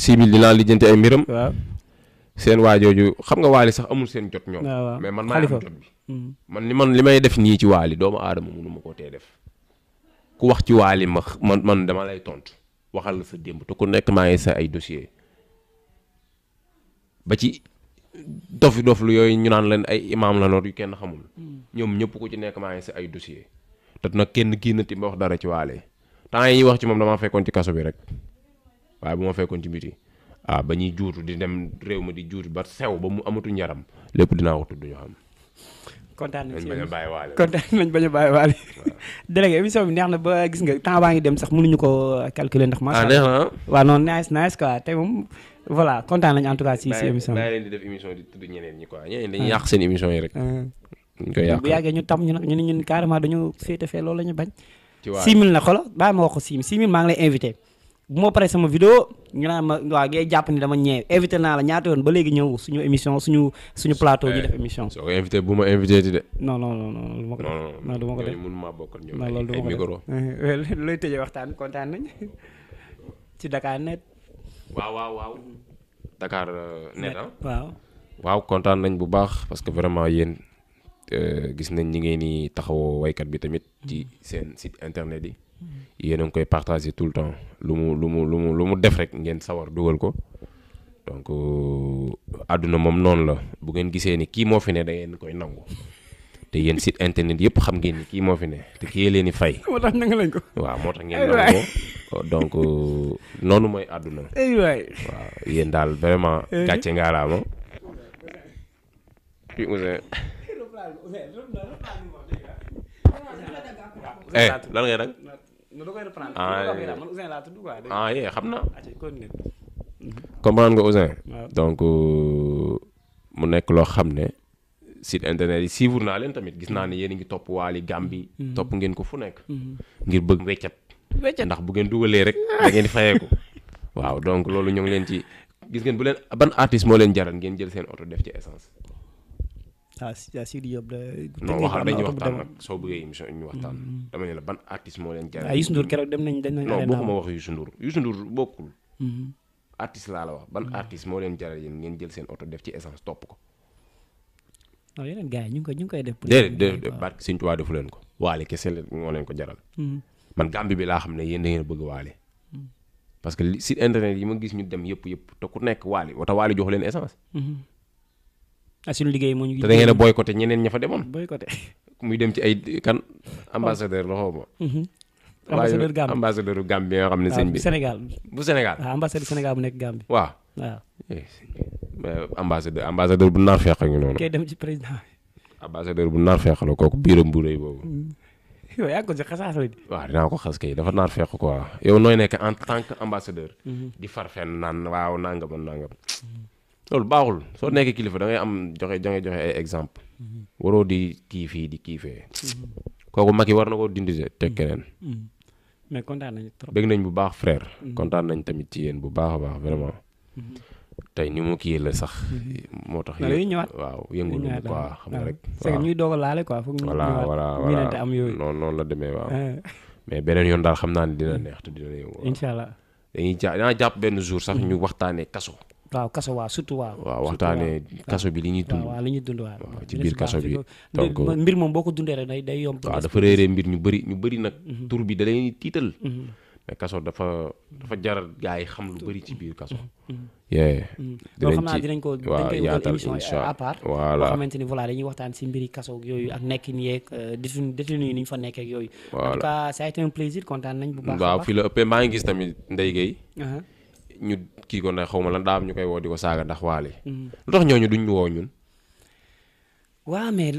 sibil dinaa lijjanti ay mbiram. waaw seen waajooju xam nga waali sax amul seen jot ñoom. mais man maa am jot bi. Mm. man ni man li may def nii ci waali doomu aadama mënu ma koo tee def ku wax ci waali ma man man dama lay tontu waxal la sa démb te ku nekk maa ngi sa ay dossier ba ci dof dof yooyu ñu naan leen ay imaam la noor yu kenn xamul mm. ñoom ñëpp ku ci nekk maa ngi sa ay dossier te nag kenn kii na ti ma wax dara ci waale temps yi ñuy wax ci moom damaa fekkoon ci kaso bi rek. waaye bu ma fekkoon ci biti ah ba ñuy juutu di dem réew ma di juutu ba sew ba mu amatu njaram lépp dinaa ko tudd ñu xam. kontaan nañ bañ a bàyyi waale kontaan nañ bañ a bàyyi waale délégué émission bi neex na ba gis nga temps baa ngi dem sax mënuñu ko euh, calculer ndax. ma ah, allah ah. waaw non nice nice quoi tey moom voilà kontaan nañ en tout cas émission bi. leen ñi quoi ñeneen dañuy ah. seen émission yi rek. ñu koy yàq bu yàggee ñu tam ñu nag ñu ne ñun carrément dañu féete fee loolu la ñu bañ. ci waay 6000 na xolo bàyyi ma wax ko 6000 6000 invité. bu ma paree sama vidéo nga naan ma waa ngay jàpp ni dama ñeew invité naa la ñaata yoon ba léegi ñëw suñu émission suñu suñu plateau ñu def émission. Eh, soo ko invité bu ma invité ti de. non non non non du bokkal ñoom ay micro. looy tëjee waxtaan kontaan nañ ci Dakar net. waaw waaw waaw. Dakar euh, net ah. waaw. waaw kontaan nañ bu baax parce que vraiment yéen euh, gis nañ ñi ngeen nii taxawoo waykat bi tamit ci mm. seen site internet yi. yéen a ngi koy partager tout le temps lu mu lu mu lu mu lu mu def rek ngeen sawar dugal ko donc euh, àdduna moom noonu la bu ngeen gisee ni kii moo fi ne da ngeen koy nangu te yéen site internet yëpp xam ngeen ni kii moo fi ne te kii leen di fay. moo tax nangu lañ ko. waaw moo tax ngeen nangu ko donc euh, noonu mooy àdduna. waaw yéen daal vraiment. Eh? gàcce ngaalaama. fii nu da koy reprendre. Ah, eh. man ah eh, xam na. Ah, comprendre nga Ousin. donc euh, mu nekk loo xam ne site internet yi suivre naa leen tamit gis naa ne yéen a ngi topp Wally Gambi. Mm-hmm. topp ngeen ko fu nekk. Mm-hmm. ngir bëgg weccat. weccat ndax bu ngeen dugalee rek ngeen di fayeeku. waaw donc loolu ñoo ngi leen ci gis ngeen bu leen ban artiste moo leen jaral ngeen jël seen oto def ci essence. waaw si Sidy Diop la. non waxal dañuy waxtaan nag soo bëggee émission ñu waxtaan. dama ne la ban artiste moo leen jaay. waaw Youssou moo leen jaral yéen ngeen jël seen oto def ci essence topp ko. non yeneen gars yi ñu ngi koy ñu ngi koy def. déedéet déedéet barke Sëñ Tuubaa defu leen ko. waale kese leen moo leen ko jaral. man Gàmbi bi laa xam ne yéen da ngeen bëgg waale. parce que site internet yi ma gis ñu dem yëpp yëpp te ku nekk waale wata waale jox leen essence ah suñu moo te da ngeen a boycotté ñeneen ña fa demoon. boycotté muy dem ci ay kan. Oh. ambassadeur la xaw ma. Mm-hmm. ambassadeur nga xam ne ah, sëñ bi Sénégal bu Sénégal. waaw ah, ambassadeur Sénégal bu nekk Gambie. Eh, eh, bu naar feex ñu noonu. dem ci président ambassadeur bu bu rëy boobu. Mm-hmm. yow yaa ko ci xasaas la. xas kay dafa naar feex quoi yow nooy nekk en tant que ambassadeur. Mm-hmm. di far fenn naan waaw nangam nangam. loolu baaxul soo nekkee kilifa da am joxe da joxe ay exemple mhm. waroo di kii fii di kii mhm. kooku kooku yi war na koo dindi teg keneen. Mhm. mais kontaan nañ trop. bëgg nañ bu baax frère. kontaan nañ tamit ci yéen bu baax a baax vraiment. tey ni mu kii la sax. moo tax ñëwaat waaw yëngu ñu quoi xam nga ah. rek. waaw ñuy doog a laale quoi foog ñu ñëwaat voilà am yooyu noonu noonu la demee waaw. Ah. mais beneen yoon daal xam naa ne dina neex te dina yëngu. incha allah dañuy ja jàpp benn jour sax ñu waxtaanee kaso. waaw kaso waaw surtout waaw. waaw waxtaanee kaso bi li ñuy dund. waaw li ñuy dund waaw. ci biir kaso bi donc mbir moom boo ko dundee rek day day yomb. waaw dafa ñu bëri ñu bëri nag. Mhm. tur bi da leen tiital. Mhm. mais kaso dafa dafa jar gaa yi xam lu bëri ci biir kaso. Mhm. yee. loolu xam naa dinañ ko dañ koy wutal émission à part. voilà boo xamante ni voilà dañuy waxtaan si mbiri kaso ak yooyu ak nekkin yeeg euh, détenu détenu ni ñu fa nekkee ak a été un plaisir nañ bu baax waaw fii la ëppee maa ngi gis tamit Ndeye Gueye uh-huh. ñu kii ko na xaw ma lan daa am ñu koy woo di ko saaga ndax waali mm. lu tax ñooñu duñ woo ñun. waa mais